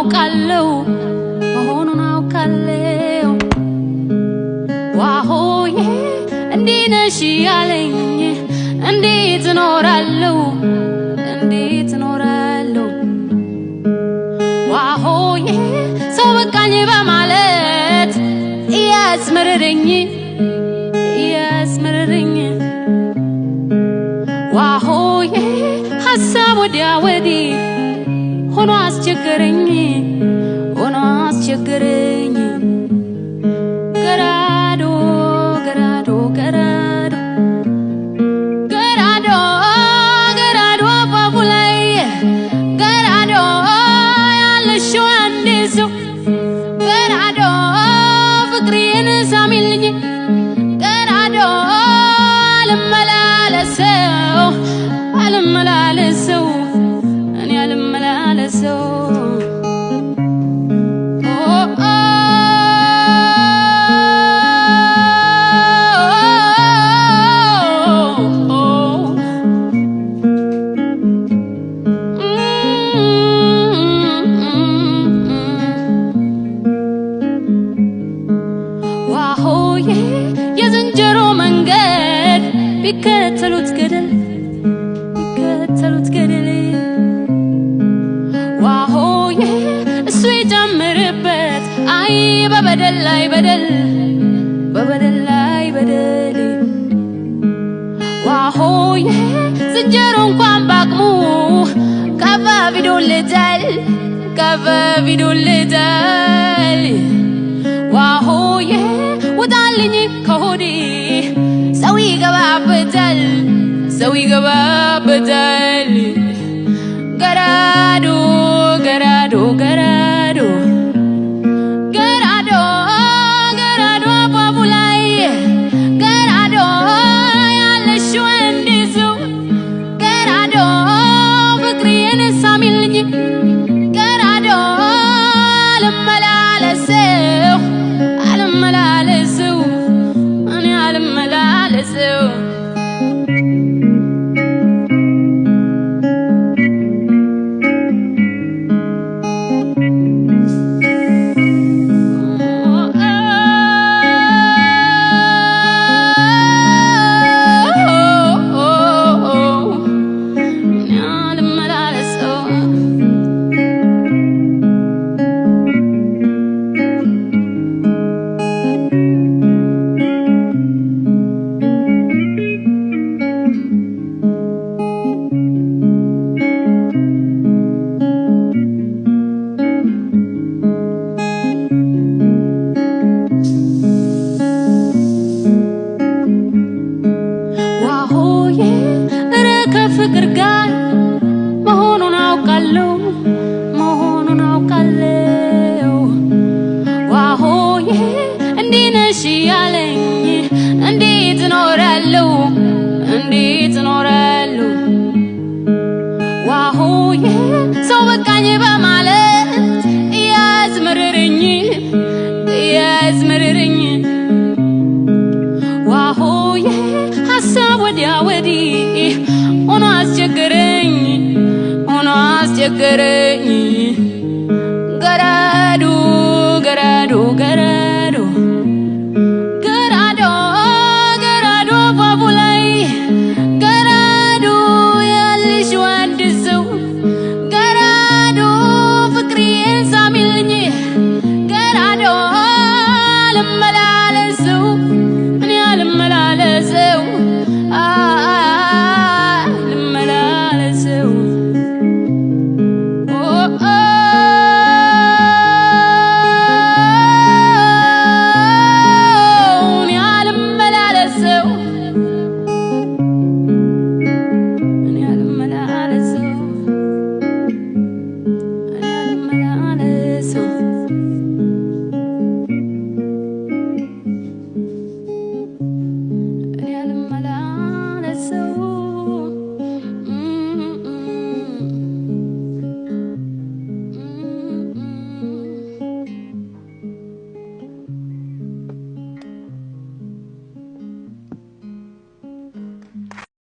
አውቃለው መሆኑን አውቃለሁ ዋሆዬ እንዲህ ነሽ ያለኝ እንዴት እኖራለው እንዴት እኖራለው ዋሆዬ ሰው በቃኝ በማለት እያስመረረኝ እያስመረረኝ ዋሆዬ ሀሳብ ወዲያ ወዲህ ሆኖ አስቸገረኝ So. የሚከተሉት ገደል የሚከተሉት ገደል ዋሆዬ እሱ የጨምርበት አይ በበደል ላይ በደል በበደል ላይ በደል ዋሆዬ ዝንጀሮ እንኳን ባቅሙ ቀበ ቢዶልታል ቀበ ቢዶልታል ዋሆዬ ውጣልኝ ከሆዴ ሰው ይገባበታል፣ ሰው ይገባበታል። ገራዶ ገራዶ ገራ ያዝመርኝ ያዝመርኝ ዋሆዬ ሀሳብ ወዲያ ወዲህ ሆኖ አስቸገረኝ ሆኖ አስቸገረኝ